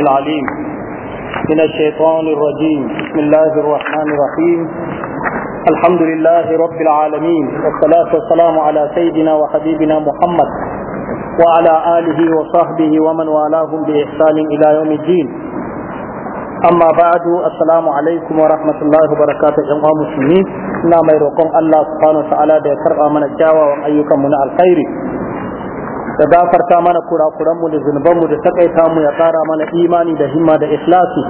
العليم من الشيطان الرجيم بسم الله الرحمن الرحيم الحمد لله رب العالمين والصلاة والسلام على سيدنا وحبيبنا محمد وعلى آله وصحبه ومن والاهم بإحسان إلى يوم الدين أما بعد السلام عليكم ورحمة الله وبركاته جمع مسلمين نعم يرقم الله سبحانه وتعالى بيكرق من الجاوة وأيكم من الخير da gafarta mana kurakuranmu da zunubanmu da takaita mu ya kara mana imani da himma da ikhlasi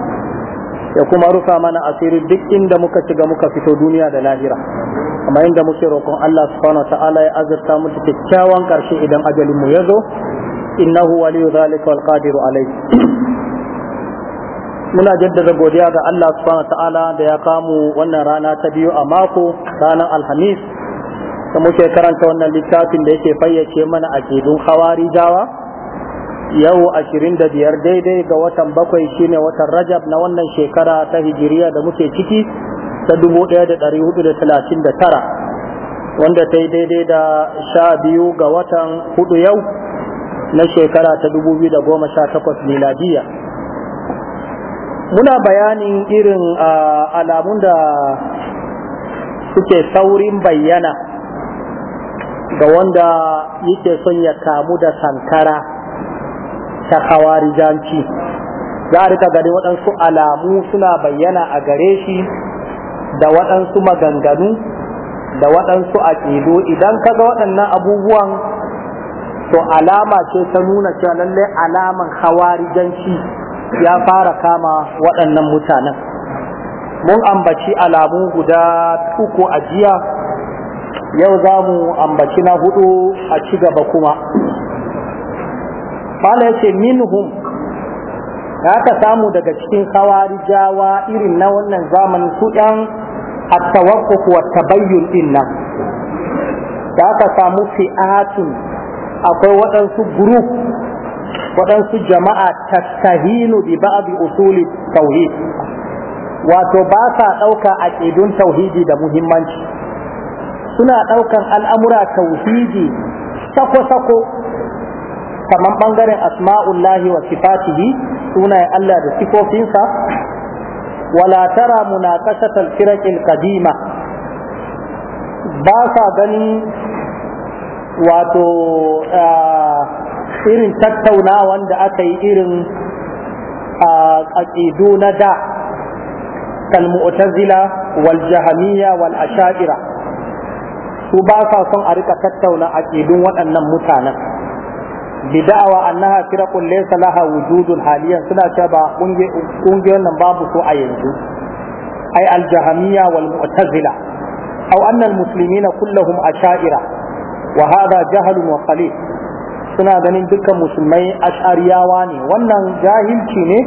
ya kuma rufa mana asiri duk inda muka shiga muka fito duniya da lahira amma inda muke roƙon Allah subhanahu ta'ala ya azurta mu kyakkyawan karshe idan ajalin mu ya zo innahu waliyu zalika wal qadiru alai muna jaddada godiya ga Allah subhanahu ta'ala da ya kamu wannan rana ta biyu a mako ranar alhamis da muke karanta wannan littafin da yake fayyace mana a cikin hawari yau ashirin da biyar daidai ga watan bakwai shine watan rajab na wannan shekara ta hijiriya da muke ciki ta dubu wanda ta yi daidai da sha ga watan hudu yau na shekara ta dubu biyu da goma sha miladiya muna bayanin irin ah, alamun da suke saurin bayyana ga wanda yake son ya kamu da sankara ta janci za a rika gani waɗansu alamu suna bayyana a gare shi da waɗansu maganganu da waɗansu aƙidu idan ka ga waɗannan abubuwan to alama ce ta nuna cewa lallai alaman hawarijanci ya fara kama waɗannan mutanen mun ambaci alamu guda uku a jiya yau za mu ambaci na hudu a ci gaba kuma Fala ya ce minhum ya ka samu daga cikin jawa irin na wannan zamani su ɗan attawakkuku wa tabayyun din nan ya ka samu fi'atun akwai waɗansu group waɗansu jama'a tattahinu bi ba'di usuli tauhid wato ba sa ɗauka a aƙidun tauhidi da muhimmanci suna ɗaukar al'amura tauhidi sako-sako kamar ɓangaren asma'ullahi wa sifatihi sunayen Allah da sifofinsa wala tara munaqashatal firaqil qadima ba sa ganin wato irin tattaunawan da aka yi irin aƙidu na da kalmu'tazila wal jahamiyya wal asha'ira su ba sa son a rika tattauna aqidun waɗannan mutanen bida'awa annaha firaqun laysa laha wujudun haliyan suna cewa ba kungiyoyin nan babu su a yanzu ai al-jahamiyya wal mu'tazila aw anna al-muslimina kulluhum asha'ira wa hadha jahlun wa qalil suna ganin dukkan musulmai ash'ariyawa ne wannan jahilci ne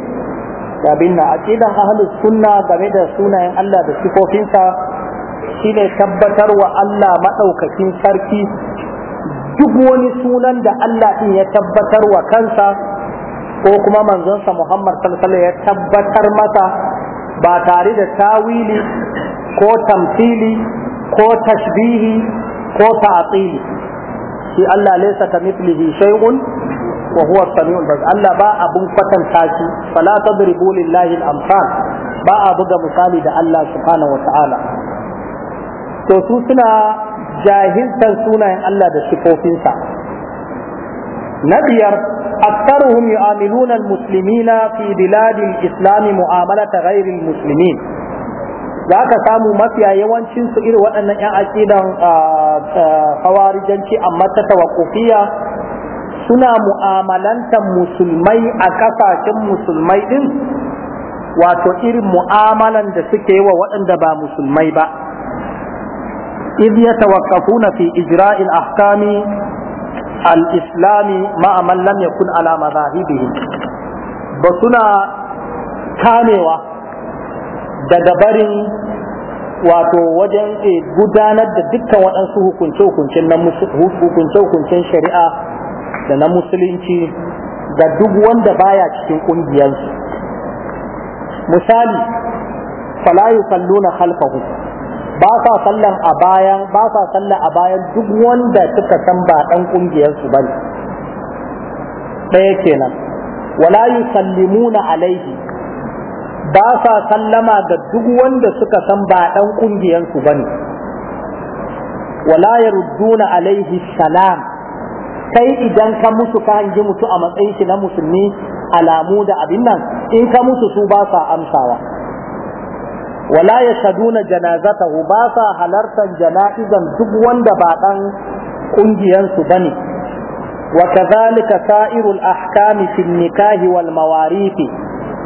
da binna aqidan ahlus sunna game da sunayen Allah da sifofinsa shine tabbatar wa Allah maɗaukakin sarki duk wani sunan da Allah ɗin ya tabbatar wa kansa ko kuma manzonsa Muhammad sallallahu ya tabbatar masa ba tare da tawili ko tamfili ko tashbihi ko ta'tili shi Allah laysa kamithlihi shay'un wa huwa as-sami'ul basir Allah ba abun kwatanta shi fala tadribu lillahi al-amsal ba a buga misali da Allah subhanahu wa ta'ala to suna jahiltar sunayen Allah da sifofinsa na biyar aktaruhum yu'amiluna al-muslimina fi biladil islami mu'amalata ghairi al-muslimin za ka samu mafiya yawancinsu su irin waɗannan 'yan aƙidan hawarijanci amma ta tawakufiya suna mu'amalantar musulmai a ƙasashen musulmai ɗin wato irin mu'amalan da suke yi wa waɗanda ba musulmai ba إذ يتوقفون في إجراء الأحكام الإسلام مع من لم يكن على مذاهبهم بسنا كانوا ددبرين wato wajen gudanar da dukkan waɗansu hukunce-hukuncen shari'a da na musulunci da duk wanda baya cikin ƙungiyarsu misali fala yusalluna khalfahu ba sa sallan a bayan ba sa sallan a bayan duk wanda suka san ba dan kungiyar su bane ɗaya kenan wala yusallimuna alaihi ba sa sallama ga duk wanda suka san ba dan kungiyar su bane wala yarudduna alaihi salam kai idan ka musu ka hangi mutu a matsayin shi na musulmi alamu da abin nan in ka mutu su ba sa amsawa wala yashaduna janazatahu ba sa halartan jana'izan duk wanda ba dan kungiyan su bane wa kadhalika sa'irul ahkami fil nikahi wal mawarithi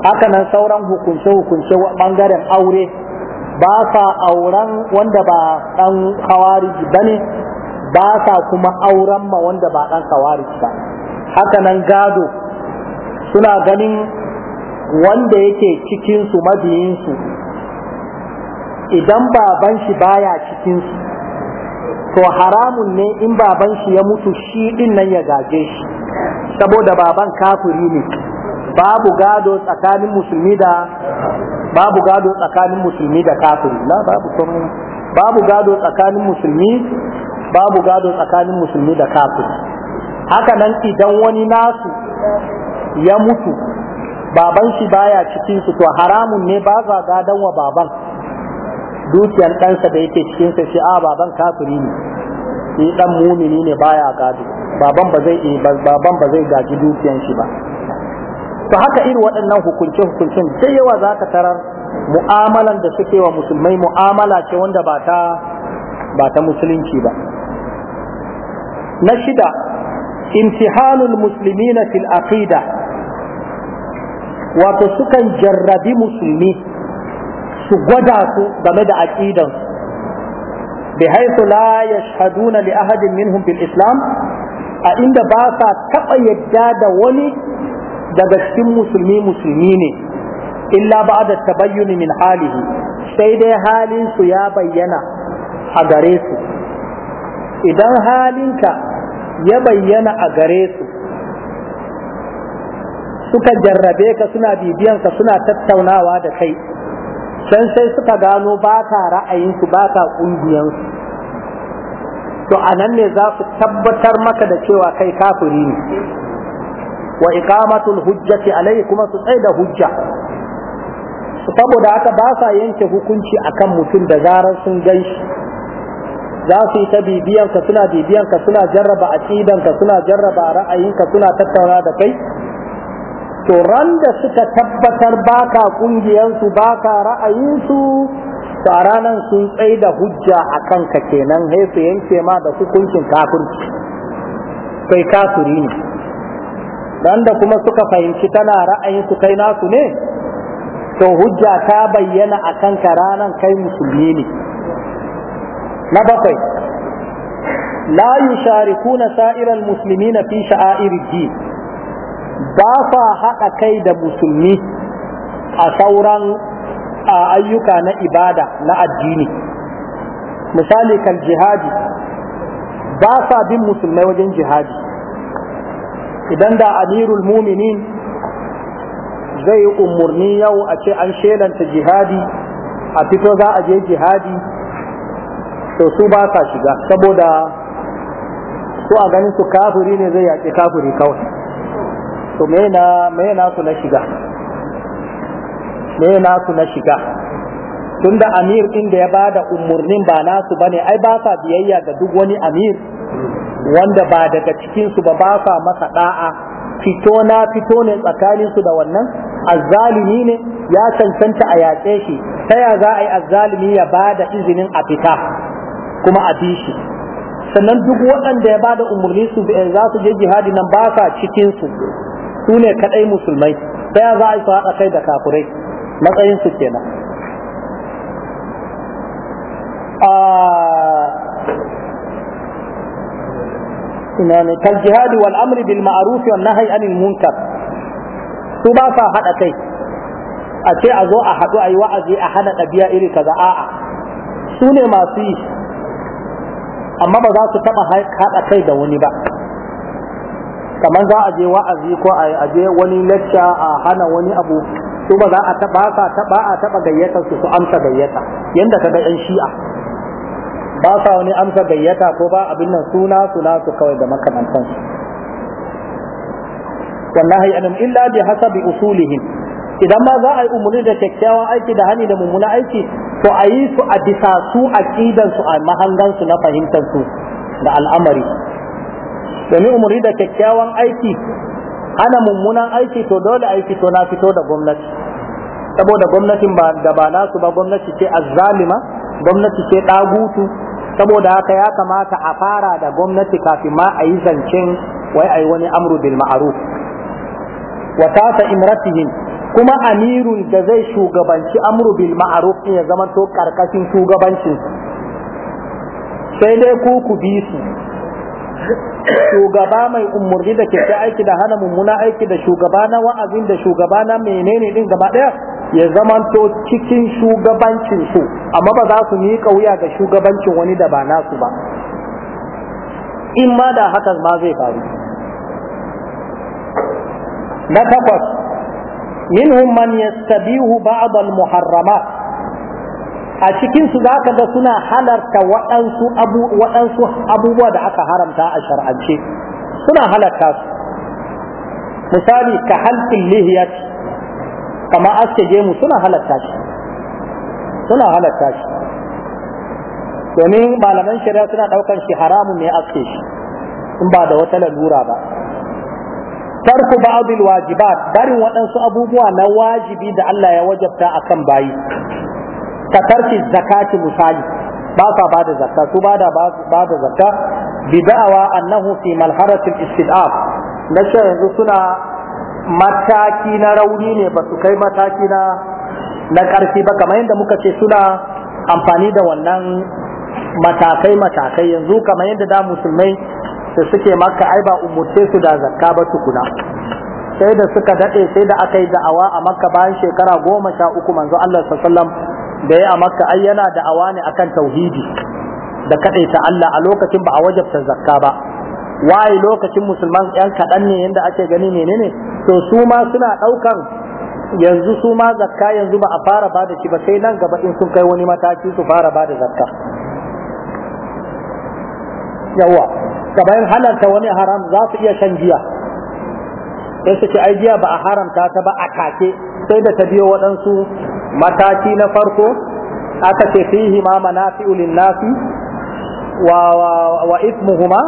haka nan sauran hukunce hukunce bangaren aure ba sa auren wanda ba dan khawariji bane ba sa kuma auren ma wanda ba dan ba gado suna ganin wanda yake cikinsu majiyinsu idan baban shi baya cikin su to haramun ne in baban shi ya mutu shi din nan ya gaje shi saboda baban kafiri ne babu gado tsakanin musulmi da babu gado tsakanin musulmi da kafiri na babu komai babu gado tsakanin musulmi babu gado tsakanin musulmi da kafiri haka nan idan wani nasu ya mutu baban shi baya cikin su to haramun ne ba za gadon wa baban dukiyar ɗansa da yake cikinsa shi a ah, baban kafiri ne shi ɗan mumini ne baya gado baban ba zai eh, baban ba zai gaji dukiyar shi ba to haka irin waɗannan hukunce hukuncen da yawa za ka tarar mu'amalan da suke wa musulmai mu'amala ce wanda ba ta ba ta musulunci ba na shida imtihanul muslimina fil aqida wato sukan jarrabi musulmi su gwada su game da aqidan bi haythu la yashhaduna li ahadin minhum bil islam a inda ba sa taba yadda da wani daga cikin musulmi musulmi ne illa ba'da tabayyuni min halihi sai dai halin su ya bayyana a gare su idan halinka ya bayyana a gare su suka jarrabe ka suna bibiyanka suna tattaunawa da kai can sai suka gano ba ta ra'ayinsu ba ta ƙungiyansu to a nan ne za su tabbatar maka da cewa kai kafiri ne wa iqamatul hujjati alai kuma su tsaye da hujja saboda aka ba sa yanke hukunci akan mutum da zarar sun gan shi za su yi ta bibiyanka suna bibiyanka suna jarraba aqidanka suna jarraba ra'ayinka suna tattauna da kai to ran da suka tabbatar baka kungiyarsu baka ra'ayinsu to a ranar sun tsaye da hujja a kanka kenan sai yanke ma da hukuncin kafirci kai kafiri ne ran da kuma suka fahimci tana ra'ayinsu kai nasu ne to hujja ta bayyana a kanka ranar kai musulmi ne na bakwai la yusharikuna sa'iral muslimina fi sha'air ba sa haɗa kai da musulmi a sauran a ayyuka na ibada na addini misali kan jihadi ba sa bin musulmai wajen jihadi idan da amirul muminin zai umarni yau a ce an shelanta jihadi a fito za a je jihadi to su ba sa shiga saboda su a ganin su kafiri ne zai yaƙi kafiri kawai to me na me na su na shiga me na su na shiga tunda amir din da ya bada umurnin ba nasu bane ai ba sa biyayya ga duk wani amir wanda ba daga cikin su ba ba sa masa da'a fito na fito ne tsakanin su da wannan azzalimi ne ya cancanta a yaƙe shi ta ya za a yi azzalimi ya bada izinin a fita kuma a bi shi sannan duk waɗanda ya bada umarni su za su je jihadi nan ba sa cikin su su ne kadai musulmai sai za a yi su haɗa kai da kafurai matsayin su kenan ina ne kal jihadi wal amri bil ma'ruf wan nahyi anil munkar su ba sa haɗa kai a ce a zo a haɗu a yi wa'azi a hana ɗabi'a iri kaza a'a su ne masu yi amma ba za su taɓa haɗa kai da wani ba kamar za a je wa'azi ko a je wani lecture a hana wani abu su za a taba sa taba a taba gayyata su su amsa gayyata yanda ka ga yan shi'a ba sa wani amsa gayyata ko ba abin nan suna suna su kawai da makamantan su wallahi anam illa bi hasabi usulihim idan ma za a yi umarni da kyakkyawan aiki da hani da mummuna aiki to a yi su a bisa su a su a mahangansu na fahimtar su da al'amari domin umuri da kyakkyawan aiki ana mummunan aiki to dole a to fito na fito da gwamnati saboda gwamnatin ba da ba nasu ba gwamnati ce azzalima gwamnati ce dagutu saboda haka ya kamata a fara da gwamnati kafin ma a yi zancen wai a yi wani amru bil ma'ruf wa tasa imratihim kuma amirun da zai shugabanci amru bil ma'ruf ya zama to karkashin shugabancin sai dai ku ku bi su shugaba mai umurni da keke aiki da hana mummuna aiki da shugaba na wa'azin da shugaba na menene din gaba daya ya zamanto cikin shugabancin su amma ba za su yi wuya ga shugabancin wani da ba nasu ba in ma da hakan ma zai faru na takwas minhum man yastabihu ba'd al-muharramat a cikinsu za ka ga suna halarta waɗansu abubuwa da aka haramta a shar'ance suna halarta su misali ka halkin lihiyat kama aske gemu suna halarta shi suna halarta shi domin malaman shari'a suna ɗaukar shi haramun ne aske shi in ba da wata lalura ba tarku ba'dil wajibat barin waɗansu abubuwa na wajibi da Allah ya wajabta akan bayi ka tarki zakati misali ba sa ba da zakka su ba da ba da zakka bi da'awa annahu fi malharatil istid'af na yanzu suna mataki na rauni ne ba su kai mataki na na ƙarfi ba kamar yadda muka ce suna amfani da wannan matakai matakai yanzu kamar yadda da musulmai da suke maka ai ba umurce su da zakka ba tukuna sai da suka daɗe sai da aka yi da'awa a makka bayan shekara goma sha uku manzo Allah sallallahu alaihi da ya a ai yana da awa awani akan tauhidi da kaɗaita Allah a lokacin ba a wajabta zakka ba waye lokacin musulman yan kaɗan ne yadda ake gani menene to su ma suna ɗaukan yanzu su ma zakka yanzu ba a fara ba shi ba sai nan gaba in sun kai wani mataki su fara ba da zakka yawa kamar halarta wani haram za su iya shan giya sai su ce ai giya ba a haramta ta ba a kake sai da ta biyo waɗansu mataki na farko aka ce fihi ma manafi'u linnasi wa wa, wa ithmuhuma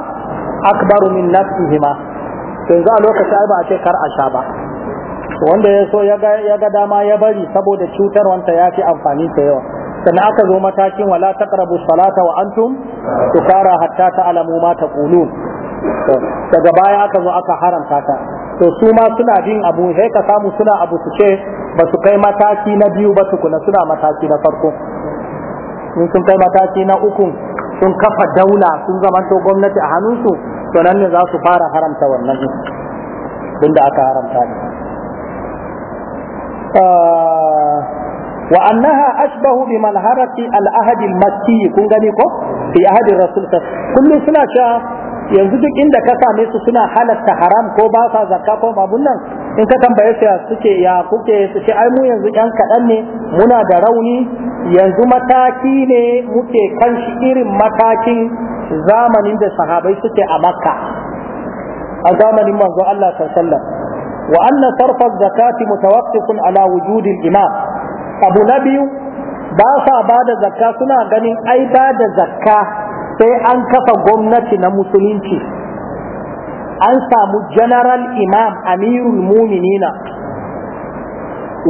akbaru min nafsihima to yanzu a lokacin ai ba a ce kar a sha ba wanda ya so ya ga dama ya bari saboda cutar wanta ya fi amfani ta yawa sannan aka zo matakin wala taqrabu salata wa antum tukara hatta ta'lamu ma taqulun daga baya aka zo aka haramta ta to su ma suna jin abu sai ka samu suna abu su ce ba su kai mataki na biyu ba tukuna suna mataki na farko in sun kai mataki na uku sun kafa daula sun zamanto gwamnati a hannunsu to nan ne za su fara haramta wannan din da aka haramta ne ah, wa annaha ashbahu bi manharati al kun gani ko fi ahad rasul kullu suna sha yanzu duk inda ka same su suna halatta haram ko basa sa zakka in ka tambaye su suke ya kuke su ce ai mu yanzu yan kaɗan ne muna da rauni yanzu mataki ne muke kan shi irin matakin zamanin da sahabai suke a makka a zamanin manzo Allah sallallahu wa anna sarfa zakati mutawaqqifun ala wujudi al-imam abu nabiyu ba sa ba da zakka suna ganin ai ba da zakka sai an kafa gwamnati na musulunci an samu general imam amirul muminina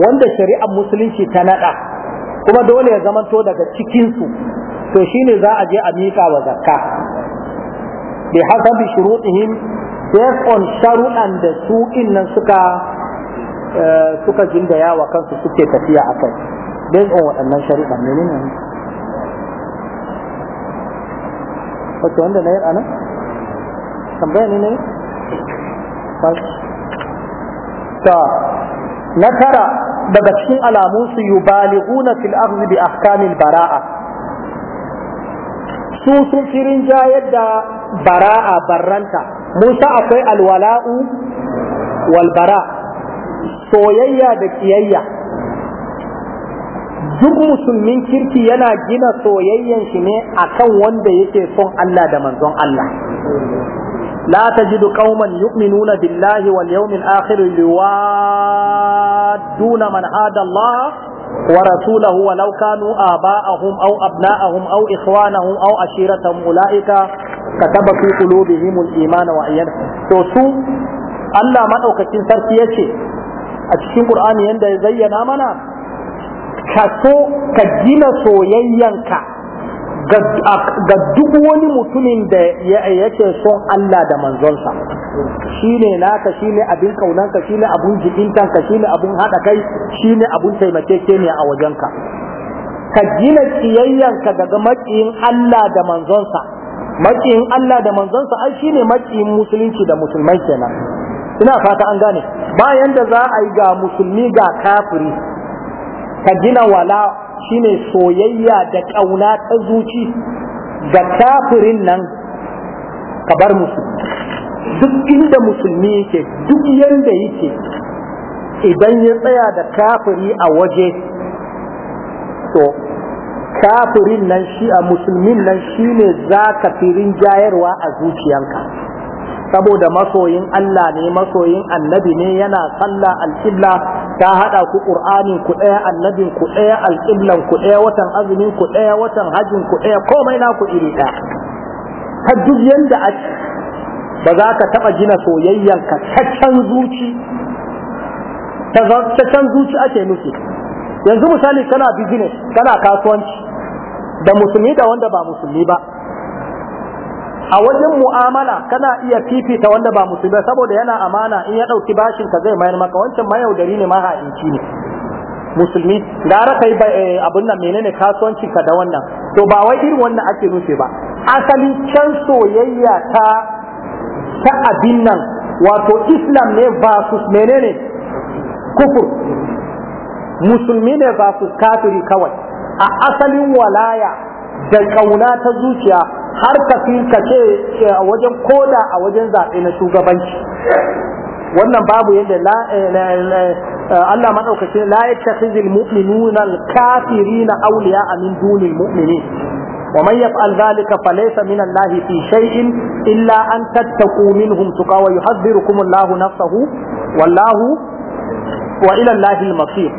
wanda shari'ar musulunci ta nada kuma dole ya zamanto daga cikinsu to shine za a je a miƙa wa zakka bi hasabi shurutihim based on sharuɗan da su nan suka eh, suka jindaya wa kansu suke tafiya a kai based on waɗannan shari'a. menene ne wanda na yi a tambaya ne na ta na tara daga cikin alamun su yubalighuna fil bi ahkamil bara'a su sun firin jayar da bara'a barranta musa akwai alwala'u walbara soyayya da kiyayya duk musulmin kirki yana gina soyayyan shi ne akan wanda yake son Allah da manzon Allah لا تجد قوما يؤمنون بالله واليوم الآخر يوادون من عاد الله ورسوله ولو كانوا آباءهم أو أبناءهم أو إخوانهم أو عشيرتهم أولئك كتب في قلوبهم الإيمان وأيدهم توسو Allah maɗaukacin sarki ya ce a cikin Ƙur'ani yadda ya zayyana mana ka so ka gina soyayyanka ga duk wani mutumin da yake son Allah da manzonsa shine naka shine abin kaunanka shine abun jikintanka shine abun haɗa kai shine abun ne a wajenka ka gina kiyayyanka daga makiyin Allah da manzonsa makiyin Allah da manzonsa ai shine makiyin musulunci da musulmai kenan ina fata an gane bayan da za a yi ga musulmi ga kafiri ka gina wala shine soyayya da ƙauna ta zuci ga kafirin nan ka bar musu. duk inda musulmi yake duk yanda yake idan ya tsaya da kafiri a waje to kafirin nan shi a musulmin nan shine za ka firin jayarwa a zuciyanka saboda masoyin Allah ne masoyin annabi ne yana sallah alƙibla ta haɗa ku ƙur'anin ku ɗaya annabin ku ɗaya alƙiblan ku ɗaya watan azumin ku ɗaya watan hajjin ku ɗaya komai na ku iri ɗaya ta duk yanda a ba za ka taɓa gina soyayyan ka caccan zuci caccan zuci ake nufi yanzu misali kana business kana kasuwanci da musulmi da wanda ba musulmi ba a wajen mu'amala kana iya fifita wanda ba musulmi saboda yana amana in ya ɗauki bashin ka zai mayar maka wancan mayaudari ne maha'inci ne musulmi gara kai eh, abin nan menene kasuwanci ka da wannan to ba wai irin wannan ake nufi ba asali can soyayya ta ta abin nan wato islam ne versus menene kufur musulmi ne versus kafiri kawai a asalin walaya da kauna ta zuciya har kafi ka ce a wajen koda a wajen zaɓe na shugabanci wannan babu yadda eh, Allah madaukaki la yattakhizu na auliya a min duni almu'minin wa man yaf'al dhalika falaysa min Allah fi shay'in illa an tattaqu minhum tuqa wa yuhadhdhirukum Allah nafsahu wallahu wa ila Allah almasir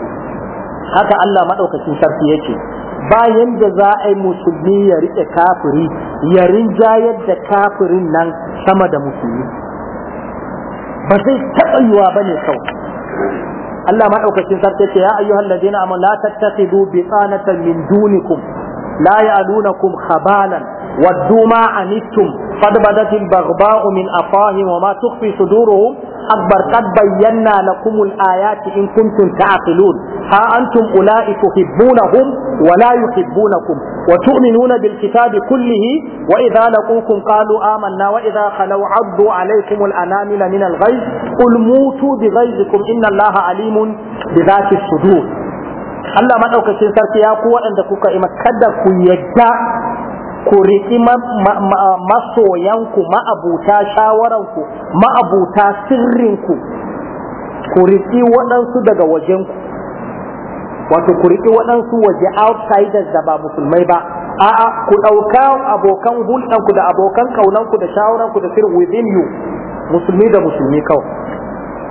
haka Allah madaukakin sarki yake bayan da za a yi musulmi ya riƙe kafiri ya rinjayar da kafirin nan sama da musulmi ba zai taɓa yiwa ba ne kawai Allah maɗaukacin sarki ce ya ayyuhal ladina amma la bi bitanatan min dunikum la ya'lunakum khabalan waddu ma anittum qad badatil baghba'u min afahim wa ma tukhfi suduruhum akbar qad bayyana lakum al-ayati in kuntum ta'qilun ha antum ula'i tuhibbunahum ولا يحبونكم وتؤمنون بالكتاب كله وإذا لقوكم قالوا آمنا وإذا خلوا عضوا عليكم الأنامل من الغيظ قل موتوا بغيظكم إن الله عليم بذات الصدور Allah maɗaukacin sarki ya ku waɗanda kuka ima kada ku yadda ku riƙi masoyanku ma'abuta shawaranku ma'abuta sirrinku ku riƙi waɗansu daga wajenku wato ku riƙi waɗansu waje outsiders da ba musulmai ba a'a ku ɗauka abokan hulɗanku da abokan ƙaunanku da shawararku da sir within you musulmi da musulmi kawai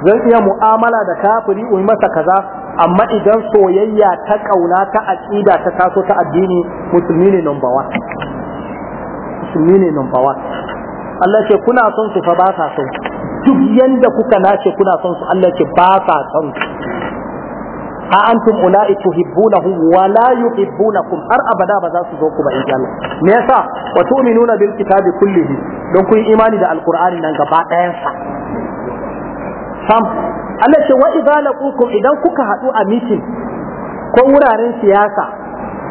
zan iya mu'amala da kafiri in masa kaza amma idan soyayya ta ƙauna ta aƙida ta taso ta addini musulmi ne number one musulmi ne number one Allah ce kuna son su fa ba sa son duk yanda kuka nace kuna son su Allah ce ba sa son a antum ula'i tuhibbunahum wa la yuhibbunakum har abada ba za su zo ku ba in Allah me yasa wa tu'minuna bil kitabi kullihi don kun yi imani da alqur'ani nan gaba ɗayan sa sam Allah ce wa idza laqukum idan kuka haɗu a mitin ko wuraren siyasa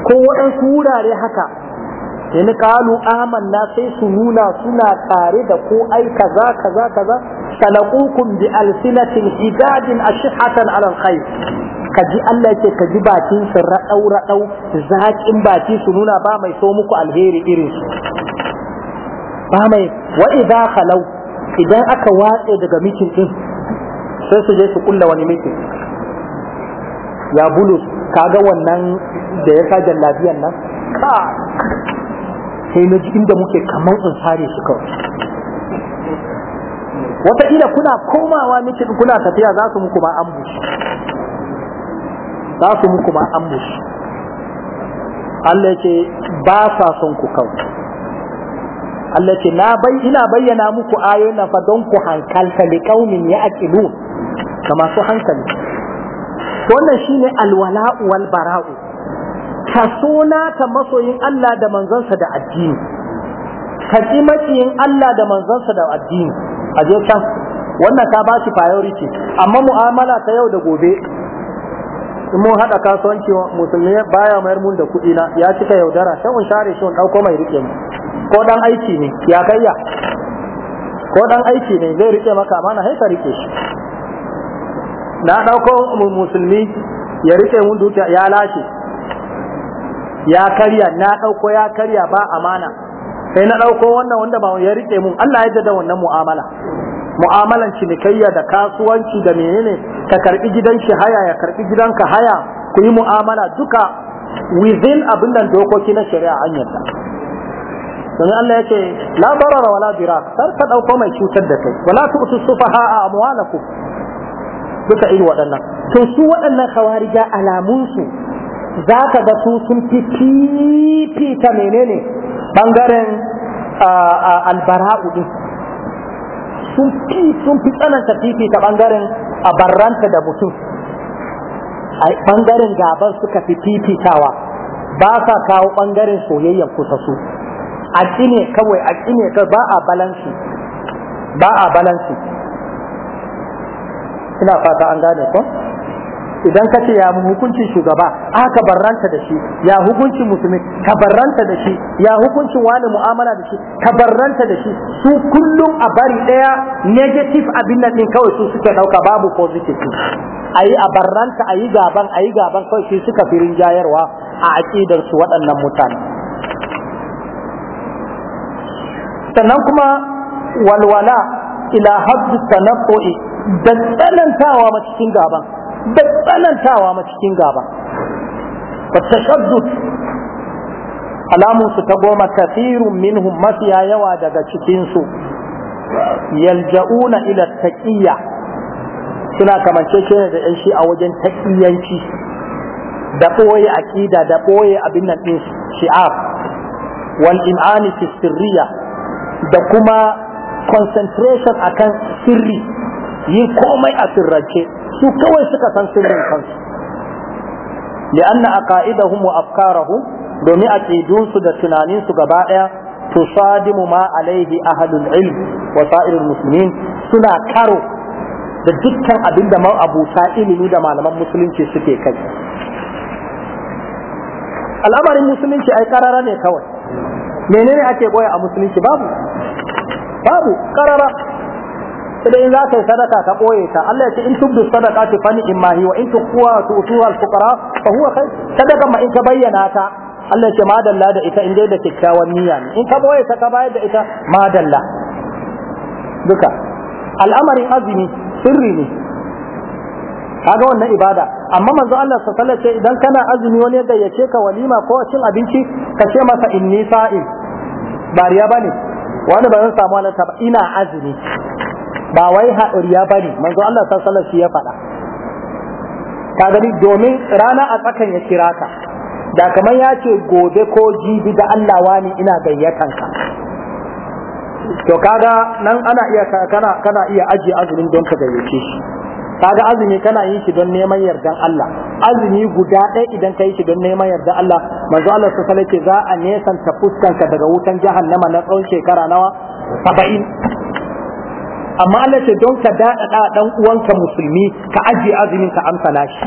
ko waɗansu wurare haka in kalu amanna sai su nuna suna tare da ko ai kaza kaza kaza talaqukum bi alsinatin hijadin ashihatan ala alkhair ka ji Allah ce ka ji bakin su raɗau raɗau zaƙin baki su nuna ba mai so muku alheri irin su ba mai wa idza khalau idan aka watse daga mikin din sai su je su kulla wani mikin ya bulus kaga wannan da ya sa lafiyan nan ka sai na ji inda muke kamar in sare su kawai wataƙila kuna komawa mikin kuna tafiya za su muku ma an bushe za su muku ma an mushi Allah ce ba sa son ku kawai Allah ce na bai ina bayyana muku ayoyin fa don ku hankalta li qaumin ya'qilu ga masu hankali wannan shine alwala'u wal bara'u Ka sona ka masoyin Allah da manzansa da addini ka ji maciyin Allah da manzansa da addini a je can wannan ka ba shi priority amma mu'amala ta yau da gobe mun haɗa kasuwanci musulmi baya mayar mun da kuɗi na ya cika yaudara sai mun share shi mun ɗauko mai riƙe mu ko dan aiki ne ya kayya ko dan aiki ne zai riƙe maka amana sai ka riƙe shi na ɗauko musulmi ya riƙe mun dukiya ya lashe ya karya na ɗauko ya karya ba amana sai na ɗauko wannan wanda ba ya riƙe mun Allah ya jada wannan mu'amala mu'amalan cinikayya da kasuwanci da menene ka karbi gidan shi haya ya karbi ka haya ku yi mu'amala duka within abin nan dokoki na shari'a an yadda domin Allah ya ce la barara wala dira kar ka dauko mai cutar da kai wala tu'tu sufaha amwalakum duka irin waɗannan to su waɗannan khawarija alamun su za ka ga su sun fi fifita menene bangaren albara'u din sun fi sun fi tsananta fifita bangaren a barranta da mutum a ɓangaren gaban suka fi fifitawa ba sa kawo ɓangaren soyayyen kusa su a ne kawai a ne ka ba a balansu ba a balansu ina fata an gane ko idan ka ce ya hukuncin shugaba a ka barranta da shi ya hukuncin musulmi ka barranta da shi ya hukuncin wani mu'amala da shi ka barranta da shi su kullum a bari daya negative abin nan din kawai su suke dauka babu positive ayi a barranta ayi gaban ayi gaban kawai su suka firin jayarwa a aqidar su waɗannan mutane sannan kuma walwala ila haddu tanaffu'i da tsanantawa cikin gaban da tsanantawa ma cikin gaba tashaddud alamun ta goma kafirun minhum mafiya yawa daga cikin su yalja'una ila taqiyya suna kamance da yan shi a wajen taqiyanci da ɓoye aƙida da ɓoye abin nan ɗin shi'ar wal im'ani fi sirriya da kuma concentration akan sirri yin komai a sirrance su kawai suka san sirrin kansu li'anna aqaidahum wa afkarahum domin su da tunaninsu gaba daya sadimu ma alaihi ahlul ilm wa sa'irul muslimin suna karo da dukkan abin da ma'abuta ilimi da malaman musulunci suke kai al'amarin musulunci ai karara ne kawai menene ake boye a musulunci babu babu karara sai in za ka yi sadaka ka ɓoye ta Allah ya ce in tubdu sadaka ta fani in mahi wa in tukuwa tu'tuha al-fuqara fa huwa kai sadaka ma in ka bayyana ta Allah ya ce madalla da ita in dai da kikkiawan niyya ne in ka ɓoye ta ka bayar da ita madalla duka al'amarin azumi sirri ne kaga wannan ibada amma manzo Allah sallallahu alaihi wasallam idan kana azumi wani ya gayyace ka walima ko cin abinci ka ce masa inni sa'im bariya bane wani ba zan samu halarta ba ina azumi ba wai haɗuri ya bari, manzo Allah sallallahu shi ya faɗa ka gani domin rana a tsakan ya kira ka da kamar ya ce gobe ko jibi da Allah wani ina gayyatan ka to kaga nan ana iya kana kana iya aje azumin don ka gayyace shi kaga azumi kana yin shi don neman yardan Allah azumi guda ɗaya idan ka yi shi don neman yardan Allah manzo Allah sallallahu za a nesanta fuskanka daga wutan jahannama na tsawon shekara nawa Saba'in. amma Allah ce don ka daɗaɗa ɗan uwanka musulmi ka ajiye azumin ka amsa nashi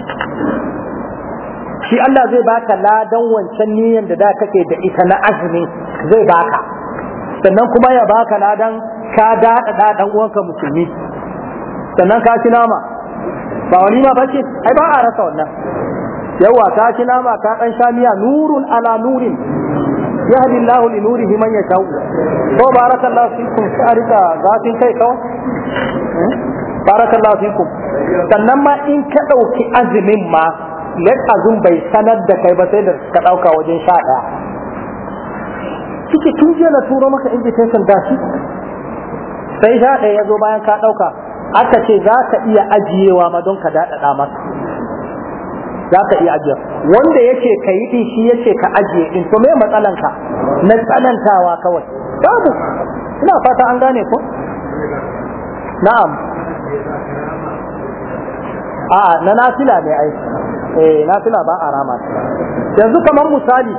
shi Allah zai baka ladan wancan niyyar da da kake da ita na azumin zai baka sannan kuma ya baka ladan ka daɗaɗa ɗan uwanka musulmi sannan ka ci nama ba wani ma bace ai ba a rasa wannan yawa ka ci nama ka ɗan sha miya nurun ala nurin yahdi Allahu li nurihi man yasha to barakallahu fikum sai rika zafin kai kawai barakallahu fikum sannan ma in ka dauki azumin ma yan azum bai sanar da kai ba sai da ka dauka wajen sha daya kike tun jiya na turo maka invitation da shi sai sha daya ya zo bayan ka dauka aka ce za ka iya ajiyewa ma don ka daɗaɗa maka za ka iya ajiyar wanda yake ka yi din shi yake ka ajiye in to me na tsanantawa kawai babu ina fata an gane ko na'am a na nafila ne ai eh nafila ba a rama yanzu kamar misali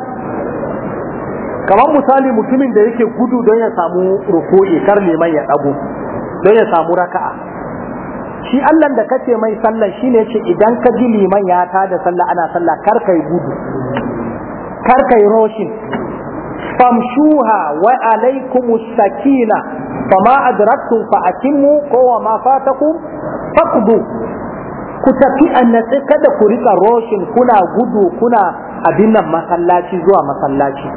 kamar misali mutumin da yake gudu don ya samu ruku'i kar neman ya dago don ya samu raka'a shi Allah da kace mai sallah shine yace idan ka ji liman ya ta da sallah ana sallah kar kai gudu kar kai roshin famshuha wa alaikum sakina fama adraktum fa atimmu ko ma fatakum faqdu ku tafi annatsi kada ku rika roshin kuna gudu kuna abin nan masallaci zuwa masallaci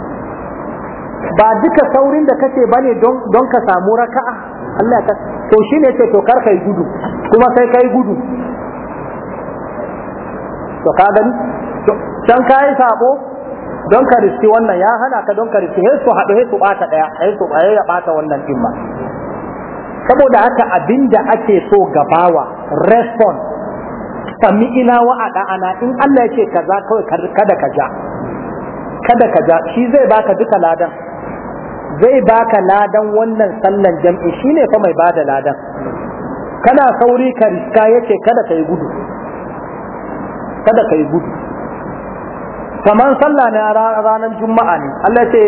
ba duka saurin da kace bane don ka samu raka'a Allah ta to ne ce to kar kai gudu kuma sai kai gudu to ka gani to ka kai sabo don ka riski wannan ya hana ka don ka riski sai su haɗu sai su bata daya sai su baye ya bata wannan din saboda haka abinda ake so gabawa response sami ina wa ana in Allah ya ce kaza kawai kada ka ja kada ka ja shi zai baka duka ladan zai baka ladan wannan sallan jam'i shine fa mai bada ladan kana sauri ka riska yake kada kai gudu kada kai gudu kaman sallah na ranar juma'a ne Allah ce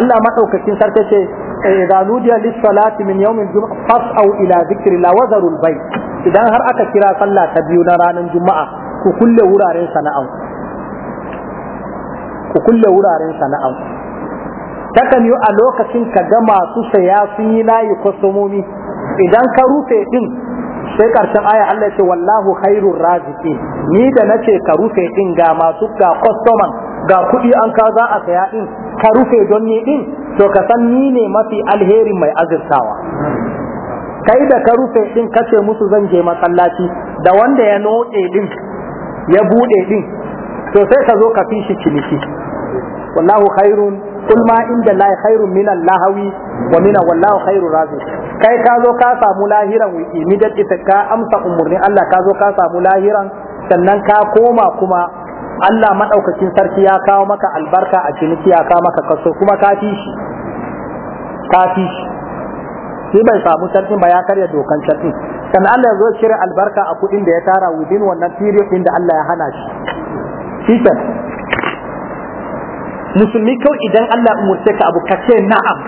Allah madaukakin sarki ce eh, idza nudiya lis salati min yawmil jum'a fas'au ila dhikrillah wa zarul bayt idan har aka kira sallah ta biyu na ranar juma'a ku kulle wuraren sana'au ku kulle wuraren sana'au takan yi a lokacin ka ga masu saya sun yi layi kwasomomi idan ka rufe din sai karshen aya Allah ce wallahu khairur raziki ni da nace ka rufe din ga masu ga kwasoman ga kuɗi an ka za a saya din ka rufe don ni din to ka san ni ne mafi alheri mai azurtawa kai da ka rufe din kace musu zan je masallaci da wanda ya noɗe din ya buɗe din to sai ka zo ka fi shi ciniki wallahu khairun kul ma inda lahi khairun min lahawi wa min wallahu khairur raziq kai ka zo ka samu lahiran immediately ka amsa umurni Allah ka zo ka samu lahiran sannan ka koma kuma Allah madaukakin sarki ya kawo maka albarka a ciniki ya kawo maka kaso kuma ka fi shi ka fi shi shi bai samu sarkin ba ya karya dokan sarkin Sannan Allah ya zo cire albarka a kudin da ya tara within wannan period din da Allah ya hana shi shi musulmi kawai idan Allah umurce ka abu ka ce na'am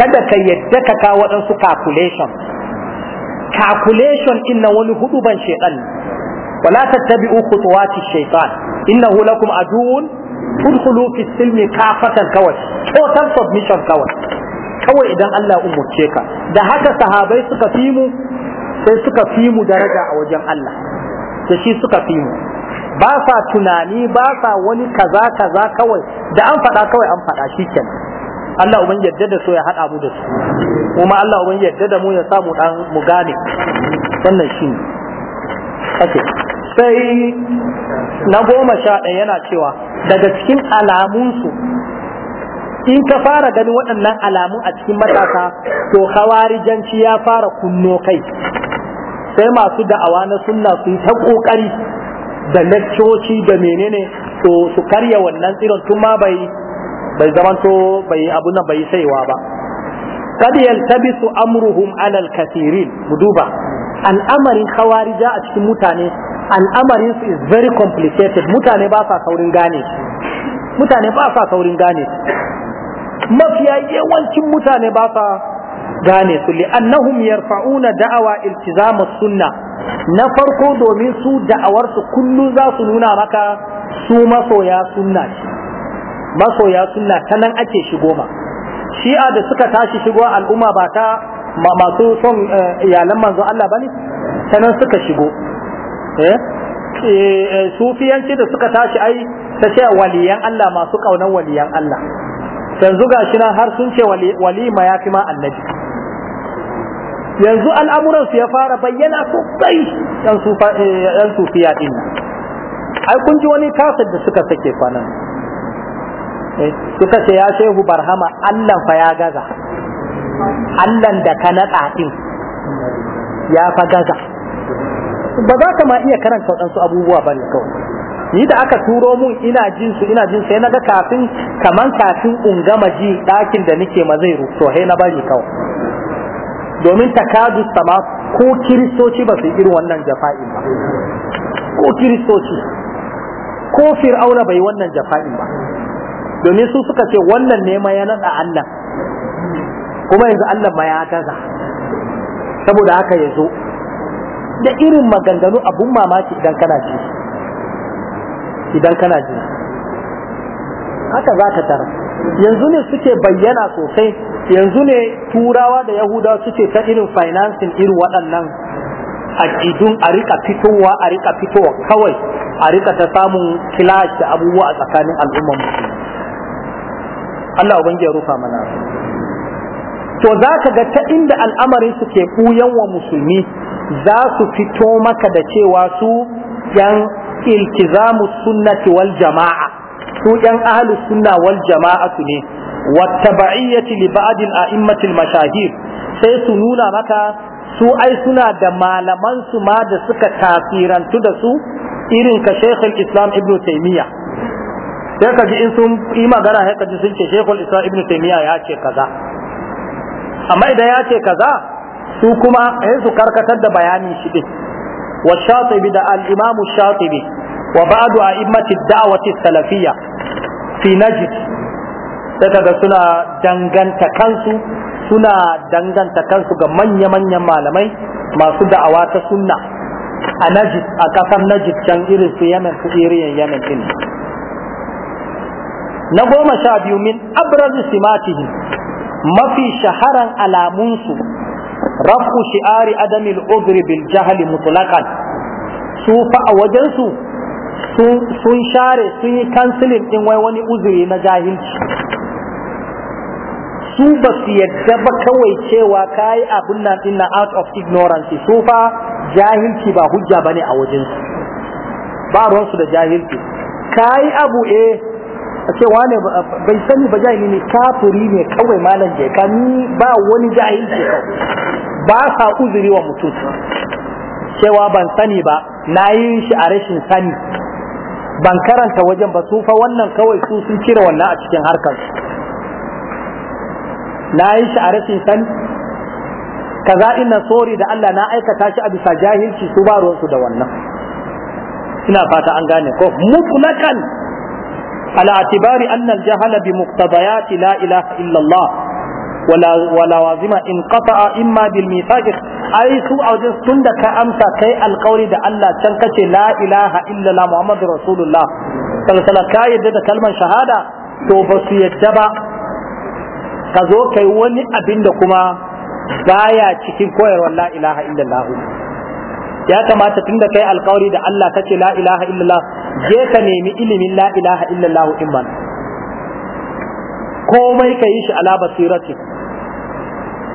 kada ka yadda ka kawo waɗansu calculation calculation inna wani hudu ban shaitan wala tattabi khutuwati shaitan innahu lakum aduun tudkhulu fi silmi kafatan kawai total submission kawai kawai idan Allah umurce ka da haka sahabai suka fi mu sai suka fi mu daraja a wajen Allah da shi suka fi mu ba sa tunani ba sa wani kaza kaza kawai da an faɗa kawai an faɗa shi kenan Allah uban yadda da so ya haɗa mu da su kuma Allah uban yadda da mu ya sa mu dan mu gane wannan shi ne okay sai na goma sha ɗaya yana cewa daga cikin alamunsu in ka fara ganin waɗannan alamu a cikin matasa to hawarijanci ya fara kunno kai sai masu da'awa na sunna su yi ta ƙoƙari da leccoci da menene to su karya wannan tsiron tun ma bai bai zamanto bai abu nan bai saiwa ba kad yaltabisu amruhum ala al-kathirin muduba al'amarin khawarija a cikin mutane al'amarin su is very complicated mutane ba sa saurin gane mutane ba sa saurin gane mafiya yawancin mutane ba sa gane su li'annahum yarfa'una da'awa iltizama sunna na farko domin su da'awarsu kullum za su nuna maka su masoya sunna ce masoya sunna ta nan ake shigo ma shi'a da suka tashi shigo al'umma ba ta masu son eh, iyalan manzo Allah bane ta nan suka shigo eh? Eh, sufiyanci da suka tashi ai ta ce waliyan Allah masu kaunan waliyan Allah yanzu ga shi nan har sun ce walima ya fi ma annabi yanzu al'amuran su ya fara bayyana sosai yan eh, sufiya din ai kun ji wani kasar da suka sake kwanan eh, suka ce ya shehu barhama allan fa ya gaza allan da ka naɗa din ya fa gaza ba za ka ma iya karanta su abubuwa ba ne kawai ni da aka turo mun ina jin su ina jin sai naga kafin kaman kafin in gama ji ɗakin da nike ma zai rubuto na bari kawai domin takadu sama ko kiristoci ba su yi irin wannan jafa'in ba ko kiristoci ko fir'auna bai wannan jafa'in ba domin su suka ce wannan ne ma ya naɗa Allah kuma yanzu Allah ma ya gaza saboda haka ya zo da irin maganganu abun mamaki idan kana ji idan kana ji haka za ka tara yanzu ne suke bayyana sosai yanzu ne turawa da yahudawa suke ta irin financing irin waɗannan aƙidun a rika fitowa a rika fitowa kawai a rika ta samun clash da abubuwa a tsakanin al'ummar musulmi Allah ubangi ya rufa mana to za ka ga ta inda al'amarin suke ke ɓuyan wa musulmi za su fito maka da cewa su yan iltizamu sunnati wal jama'a su ɗan ahlus sunna wal jama'atu ne wattaba'iyati li ba'd al-a'immati al-mashahir sai su nuna maka su ai suna da malaman su ma da suka tasirantu da su irin ka Sheikh islam Ibn Taymiyyah sai ka ji in sun yi magana sai ka ji sun ce Sheikh islam Ibn Taymiyyah ya ce kaza amma idan ya ce kaza su kuma sai su karkatar da bayanin shi din wa shatibi da al-Imam shatibi wa ba'du a'immati da'wati salafiyya fi najd sai kaga suna danganta kansu suna danganta kansu ga manya-manyan malamai masu da'awa sunna a najid a kasar najid can irin su yamen su iriyan yamen din na goma sha biyu min abrazu simatihi mafi shaharan alamunsu rafu shi'ari adamil uzri bil jahali mutlaqan su fa a wajensu sun share sun yi kansilin din wai wani uzuri na jahilci su ba su yadda ba kawai cewa ka yi abin nan din na out of ignorance su fa jahilci ba hujja ba ne a wajensu ba ruwansu da jahilci ka yi abu eh a ce wane bai sani ba jahili ne Kafuri ne kawai malam je ka ni ba wani jahilci ba sa uzuri wa mutum cewa ban sani ba na yi shi a rashin sani ban karanta wajen ba fa wannan kawai su sun cire wannan a cikin harkar na yi shi a rashin sani kaza ina sori da Allah na aikata shi a bisa jahilci su ba ruwansu da wannan ina fata an gane ko mutlakan ala atibari jahala bi muqtadayati la ilaha illallah, wala wala wazima in qata'a imma bil mithaq ai su a wajen tun da ka amsa kai alkawari da Allah can kace la ilaha illallah muhammadu rasulullah sallallahu ka yadda da kalmar shahada to ba su yadda ba ka zo kai wani abin da kuma baya cikin koyarwar la ilaha illallah ya kamata tun da kai alkawari da Allah kace la ilaha illallah je ka nemi ilimin la ilaha illallah in komai ka yi shi ala basirati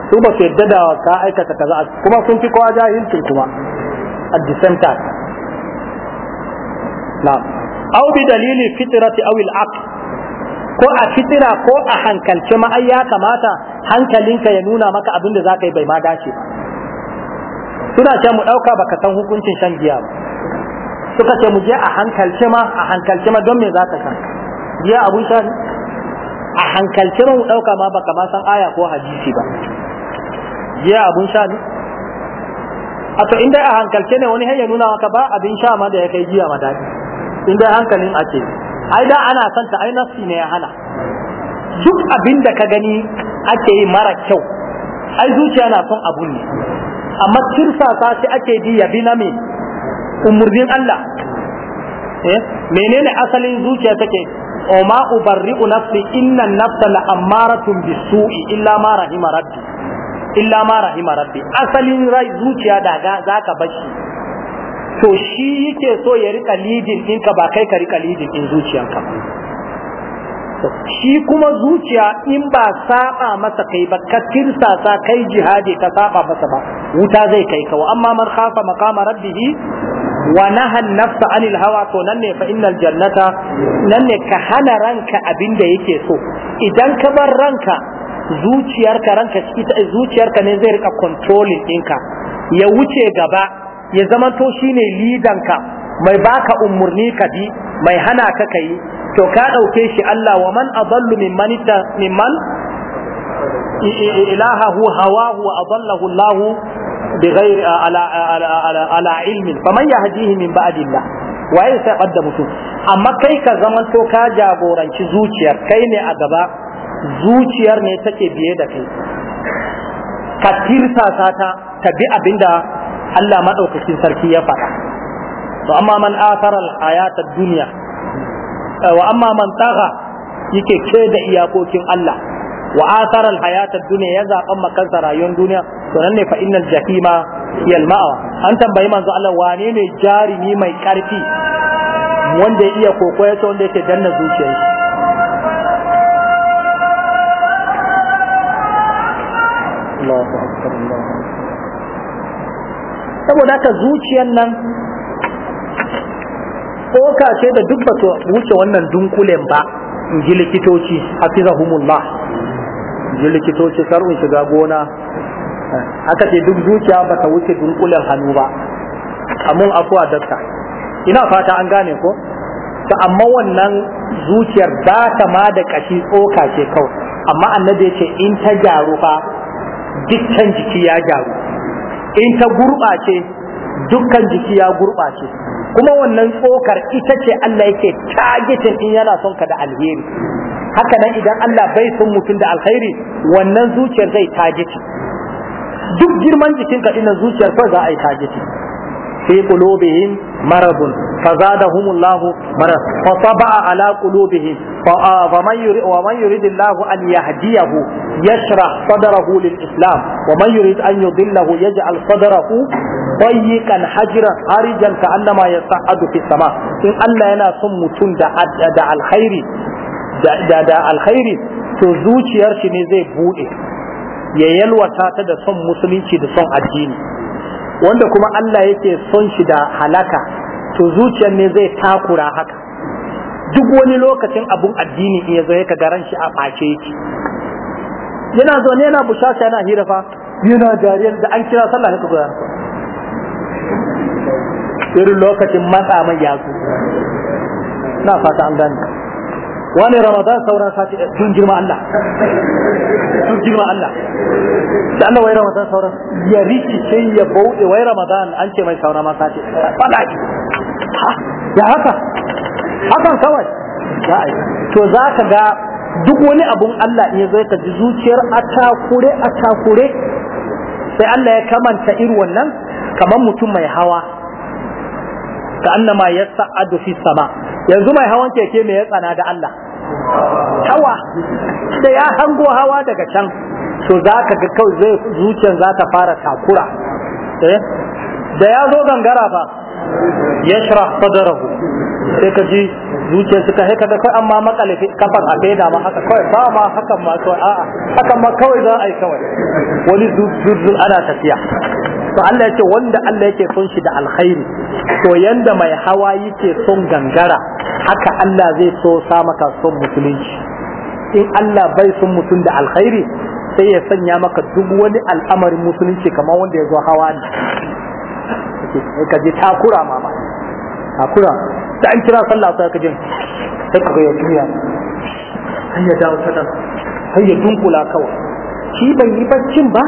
su ba su yadda da ka aikata kaza kuma sun fi kowa jahilcin kuma at the same time na'am aw bi dalili fitrati aw al aql ko a fitira ko a hankalce ma ya kamata hankalinka ya nuna maka abin da zaka yi bai ma dace ba suna ce mu dauka baka san hukuncin shan giya ba suka ce mu je a hankalce ma a hankalce ma don me zaka san giya abun shan a hankalce mu dauka ma baka ma san aya ko hadisi ba Jiya abun sha ne a to inda a hankalce ne wani ya nuna maka ba abin sha ma da ya kai jiya ma daɗi inda hankalin a ce ai da ana son ta ai nafsi ne ya hana duk abin da ka gani ake yi mara kyau ai zuciya na son abu ne amma tirsa ta shi ake bi ya bi na me umurnin Allah eh menene asalin zuciya take o ma ubarri'u nafsi inna nafsa la ammaratun bisu'i illa ma rahima illa ma rahima rabbi asalin rai zuciya da zaka bashi to shi yake so ya rika lidin ka ba kai ka rika lidin ɗin zuciyanka shi kuma zuciya in ba saba masa kai ba ka tirsasa kai jihadi ka saba masa ba wuta zai kai kawo amma man khafa maqama rabbihi wa naha nafsa anil hawa to nan ne fa innal jannata nan ne ka hana ranka abin da yake so idan ka bar ranka zuciyarka ranka ita zuciyarka ne zai rika controlling ɗinka ya wuce gaba ya zamanto shine lidanka mai baka umarni ka bi mai hana ka kai to ka ɗauke shi Allah wa man adallu mimman mimman ilahahu hawahu wa adallahu Allah bi ghairi ala ala على علم فمن yahdihi min ba'dillah waye sai mutum amma kai ka zamanto ka jagoranci zuciyar kai ne a gaba zuciyar ne take biye da kai ka tirsasa ta bi abinda Allah madaukakin sarki ya faɗa to amma man athara al-hayata dunya eh, wa amma man tagha yake ke da iyakokin Allah wa athara al-hayata dunya ya zaban makansa rayuwar duniya to nan ne fa innal jahima hiya al-ma'wa an tambayi manzo Allah wane ne jarimi mai karfi wanda ya iya kokoya wanda yake danna zuciyarsa saboda haka zuciyar nan tsoka ce da duk bata wuce wannan dunkulen ba in ji likitoci hafizahumullah in ji likitoci sarun shiga gona aka ce duk zuciya ta wuce dunkulen hannu ba amun afuwa dakta ina fata an gane ko ta amma wannan zuciyar ba ta ma da kashi tsoka ce kawai amma annabi ce in ta gyaru fa dukkan jiki ya gyaru in ta gurɓace dukkan jiki ya gurɓace kuma wannan tsokar ita ce Allah yake targetin in yana son ka da alheri haka nan idan Allah bai son mutum da alheri wannan zuciyar zai targetin duk girman jikinka ina zuciyar fa za a yi targetin fi qulubihim maradun فزادهم الله مرض Ala على قلوبهم ah, man يريد الله an yahdiyahu yashrah sadrahu lil islam wa man yurid an yudillahu yaj'al sadrahu dayyiqan hajran harijan ka annama yas'adu fi sama in Allah yana son mutum da da alkhairi da da to zuciyar shi ne zai bude ya yalwata ta da son musulunci da son addini wanda kuma Allah yake son shi da halaka to zuciyar ne zai takura haka duk wani lokacin abun addini in ya zo ya ka a face yake yana zaune yana bushasha yana hira fa yana dariyar da an kira sallah haka zuwa irin lokacin matsa mai yasu na fata an gani wani ramadan sauran sati tun girma Allah tun girma Allah da Allah wai ramadan sauran ya riki sai ya bauɗe wai ramadan an ce mai sauran ma sati fada ya haka hakan kawai za yi to za ka ga duk wani abun Allah in ya ka ji zuciyar a takure sai Allah ya kamanta irin wannan kamar mutum mai hawa ka annama ya sa'adu fi sama yanzu mai hawan keke me ya tsana da Allah hawa da ya hango hawa daga can so za ka ga kawai zai zuciyar za ta fara takura eh? da ya zo gangara ba ya sadarahu sai ka ji zuciya suka sai da kai amma makalifi kafan a da ma haka kawai ba ma hakan ma kawai a'a hakan ma kawai za a yi kawai wani zuzzul ana tafiya to Allah yake wanda Allah yake son shi da alkhairi to yanda mai hawa yake son gangara haka Allah zai so sa maka son musulunci in Allah bai son mutum da alkhairi sai ya sanya maka duk wani al'amarin musulunci kamar wanda ya zo hawa ne kaje takura mama takura da an kira sallah sai ka jin sai ka ya juya Har ya dawo ta nan Har ya dunkula kawai shi bai yi baccin ba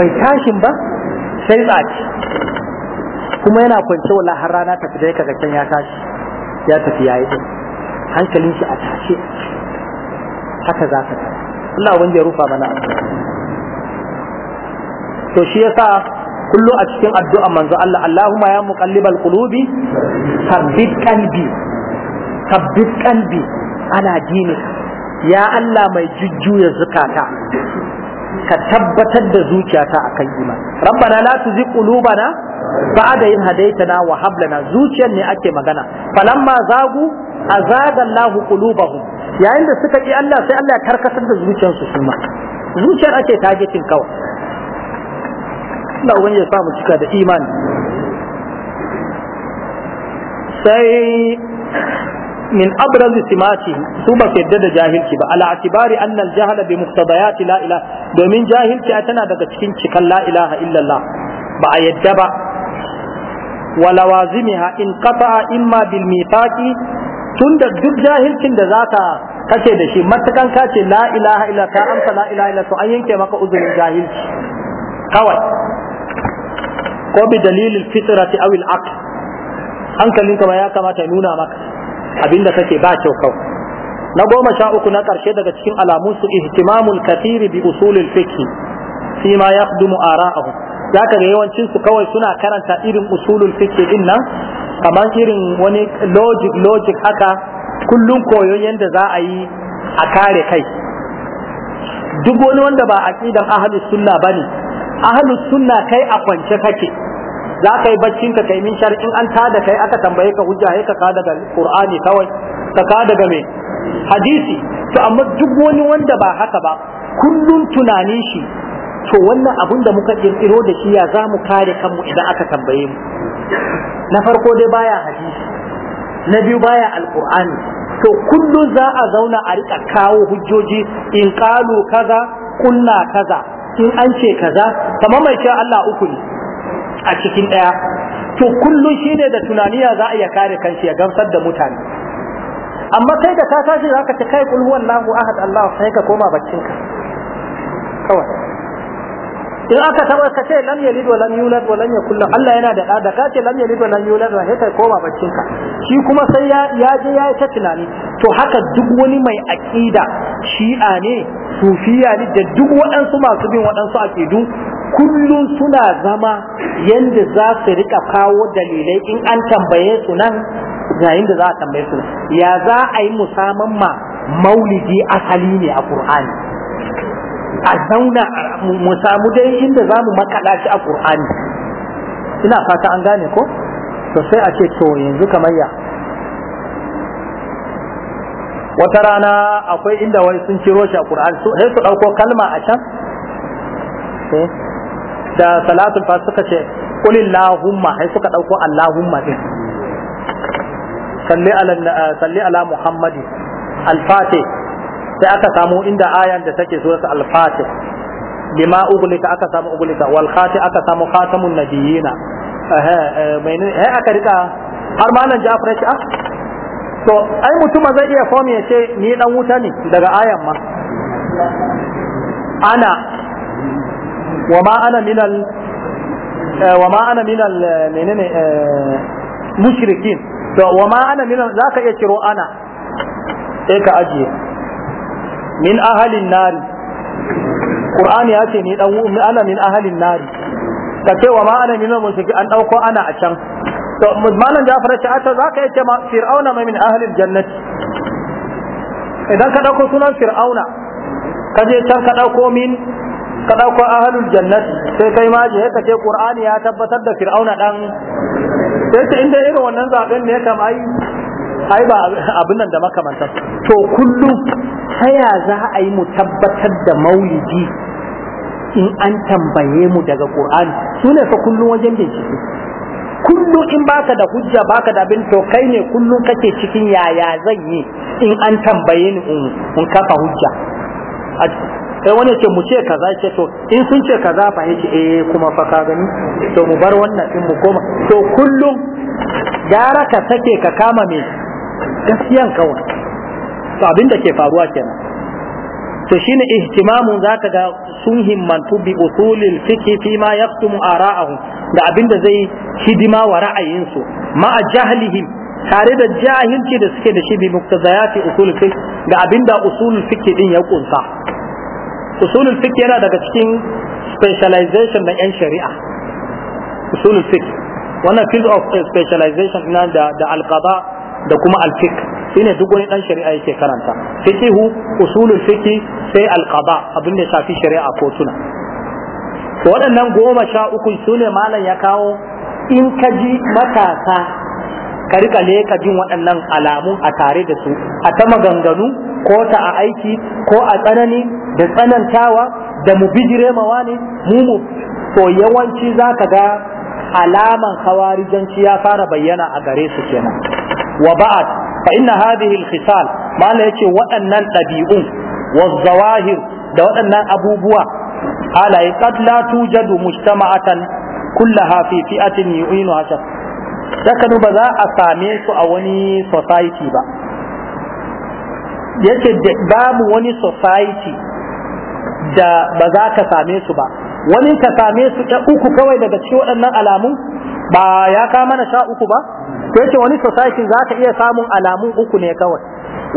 bai tashin ba sai tsaci kuma yana kwance wala har rana ta fita kaga can ya tashi ya tafi yayi din hankalin shi a tashe haka za ka Allah wanda ya rufa mana to shi yasa kullum a cikin addu'a manzo Allah Allahumma ya muqallibal qulubi sabbit qalbi sabbit qalbi ala dini ya Allah mai jujjuya zukata ka tabbatar da zuciyata akan iman rabbana la tuzigh qulubana ba'da in hadaytana wa hab lana zuciyar ne ake magana falamma zagu azaga Allahu qulubahum yayin da suka ki Allah sai Allah ya karkatar da zuciyarsu su zuciyar ake targeting kawai Allah wani ya samu cika da imani sai min abraz simati su ba yadda da jahilci ba ala atibari annal jahala bi muqtadayati la ilaha domin jahilci tana daga cikin cikan la ilaha illallah ba a yadda ba wa lawazimiha in qata imma bil tunda duk jahilcin da zaka kace da shi matakan kace la ilaha illa amsa la ilaha illa to an yanke maka uzurin jahilci kawai ko bi dalilin fitrati aw al aql hankalinka ma ya kamata nuna maka abinda kake ba kyau kawai na goma sha uku na karshe daga cikin alamun su ihtimamul kathiri bi usulil fiqh fi ma yakhdumu ara'ahu zaka ga yawancin su kawai suna karanta irin usulul fiqh din nan kamar irin wani logic logic haka kullun koyon yanda za a yi a kare kai duk wani wanda ba aqidan ahlus sunna bane ahlus sunna kai a kwance kake za ka yi baccin ka kai min shar'in an ta da kai aka tambaye ka hujja ka ka daga qur'ani kawai ka ka daga me hadisi to amma duk wani wanda ba haka ba kullun tunanin shi to wannan abun da muka kirkiro da shi ya zamu kare kanmu idan aka tambaye mu na farko dai baya hadisi na biyu baya alqur'ani to kullum za a zauna a rika kawo hujjoji in kalu kaza kunna kaza in an ce kaza kamar mai Allah uku ne a cikin ɗaya to kullum shi ne da tunaniya za a iya kare kanshi ya gamsar da mutane amma kai da ka tashi za ka ci kai kulhuwan lahu ahad Allah sai ka koma baccinka kawai in aka taba ka ce lam yalid wa lam yulad wa lam yakul lahu Allah yana da da ka ce lam yalid wa lam yulad wa sai koma baccin ka shi kuma sai ya ya je ya ta tunani to haka duk wani mai aqida shi'a ne sufiya ne da duk waɗansu masu bin waɗansu aqidu kullum suna zama yanda za su rika kawo dalilai in an tambaye su nan yayin da za a tambaye su ya za a yi musamman ma maulidi asali ne a Qur'ani a zauna mu samu dai inda za mu makaɗa shi a ƙur'ani ina fata an gane ko to sai a ce to yanzu kamar ya wata rana akwai inda wai sun ciro shi a ƙur'ani sai su ɗauko kalma a can eh. da salatul fa suka ce lahumma sai suka ɗauko allahumma ɗin. salli ala muhammadi al sai aka samu inda ayan da take suratul al-fatih bima uglika aka samu uglika wal khati aka samu khatamun nabiyina eh eh aka rika har ma Ja'far ya ce ah to ai mutum zai iya fomi ya ce ni dan wuta ne daga ayan ma ana wa ma ana minal eh, wa ma ana minal eh, menene eh, mushrikin to wa ma ana minal zaka iya ciro ana sai ka ajiye min ahalin nari qur'ani ya ce ni dan ana min ahalin nari ka ce wa ma ana min mushriki an dauko ana a can to malam Ja'far ce ata zaka yace ma fir'auna ma min ahalin jannati idan ka dauko sunan fir'auna ka je can ka dauko min ka dauko ahalul jannati sai kai ma je ka ce qur'ani ya tabbatar da fir'auna dan sai ta inda irin wannan zaben ne kam ai ai ba abin nan da makamantar to kullum ta ya za a yi mu tabbatar da maulidi in an tambaye mu daga Qur'ani su ne fa kullum wajen da shi kullum in baka da hujja baka da abin to kai ne kullum kake cikin yaya zan yi in an tambaye ni in kafa hujja kai wani ce mu ce kaza ce to in sun ce kaza fa yace eh kuma fa ka gani to mu bar wannan din mu koma to kullum gara ka sake ka kama me gaskiyan kawai to abin da ke faruwa kenan to shine ihtimamun zaka ga sun himmantu bi usulil fiqh fi ma yaktumu ara'ahum da abin da zai hidima wa ra'ayinsu ma jahlihim tare da jahilci da suke da shi bi muktazayati usulul fiqh da abinda usulul fiqh din ya kunsa usulul fiqh yana daga cikin specialization na yan shari'a usulul fiqh wannan field of specialization ina da da alqada da kuma alfiqh shine duk wani dan shari'a yake karanta fiqhu usulul fiqh sai alqada abin da shafi shari'a kotuna to waɗannan goma sha uku sune malam ya kawo in ka ji matasa ka rika ka jin waɗannan alamu a tare da su a ta maganganu ko ta a aiki ko a tsanani da tsanantawa da mu bijire mawa ne mu mu to yawanci za ka ga alaman hawarijanci ya fara bayyana a gare su kenan wa ba'ad fa inna hadhihi al-khisal mala yace waɗannan ɗabi'un wa zawahir da waɗannan abubuwa halaye kad la tujadu mujtama'atan kullaha fi fi'atin yu'inu hasa saka ba za a same su a wani society ba yace babu wani society da ba za ka same su ba wani ka same su ta uku kawai daga cikin waɗannan alamu ba ya ka mana sha uku ba sai ce wani society za ka iya samun alamun uku ne kawai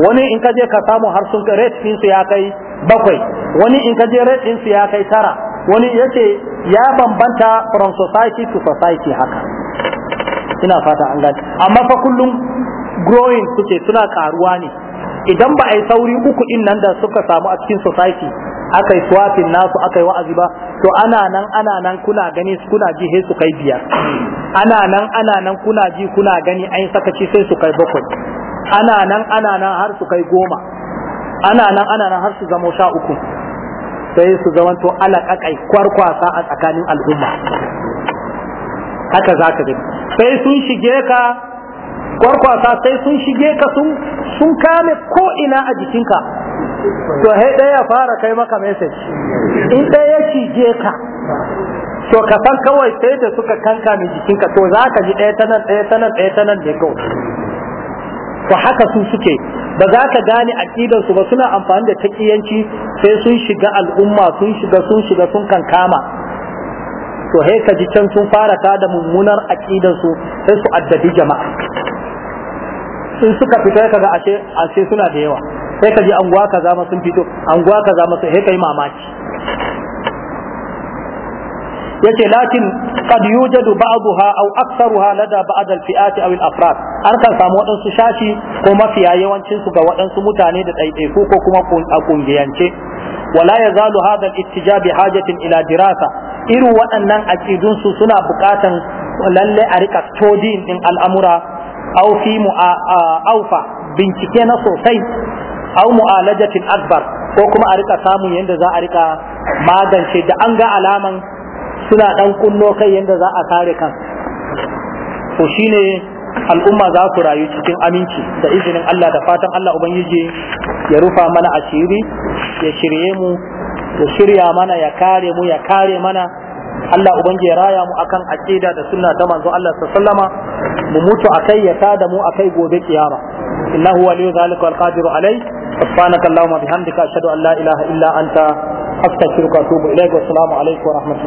wani in ka je ka samu har sun rate din su ya kai bakwai wani in ka je rate din su ya kai tara wani yace ya bambanta from society to society haka ina fata an gani amma fa kullum growing suke suna karuwa ne idan ba a yi sauri uku din nan da suka samu a cikin society akai yi nasu aka wa'azi ba to ana nan ana nan kuna gani kuna ji sai su kai biyar ana nan ana nan kuna ji kuna gani an sakaci sai su kai bakwai ana nan ana nan har su kai goma ana nan ana nan har su zama sha uku sai su zama to alaƙaƙai kwarkwasa a tsakanin al'umma haka za ka gani sai sun shige ka kwarkwasa sai sun shige ka sun sun kame ko ina a jikinka to hai ɗaya ya fara kai maka message in ɗaya ya cije ka to ka san kawai sai da suka kankame jikinka to za ka ji ɗaya ta nan ɗaya ta nan ɗaya ta nan da kawai to haka su suke ba za ka gane aƙidarsu ba suna amfani da taƙiyanci sai sun shiga al'umma sun shiga sun shiga sun kankama to hai ka ji can sun fara ta da mummunar aƙidarsu sai su addabi jama'a in suka fita ka ga ashe ashe suna da yawa sai ka ji anguwa kaza ma sun fito anguwa kaza ma sai kai mamaki yace lakin kad yujadu ba'daha aw aktharuha lada ba'd al-fi'ati aw al-afrad an kan samu wadansu shashi ko mafiya yawancin su ga wadansu mutane da ɗaiɗaiku ko kuma a kungiyance wala yazalu hadha al-ittija hajatin ila dirasa irin waɗannan aqidun su suna buƙatan lalle a rika todin din al'amura aw fi aufa bincike na sosai aw mu'alajatin akbar ko kuma a rika samun yadda za a rika magance da an ga alaman suna dan kunno kai yadda za a kare kan to shine al'umma za su rayu cikin aminci da izinin Allah da fatan Allah ubangiji ya rufa mana asiri ya shirye mu ya shirya mana ya kare mu ya kare mana Allah ubangiji ya raya mu akan aqida da sunna ta manzo Allah sallama mu mutu akai ya tada mu akai gobe kiyama innahu waliyyu zalika wal qadiru alai subhanakallahumma bihamdika ashhadu an la ilaha illa anta astaghfiruka wa atubu ilaik wa assalamu alaikum wa rahmatullahi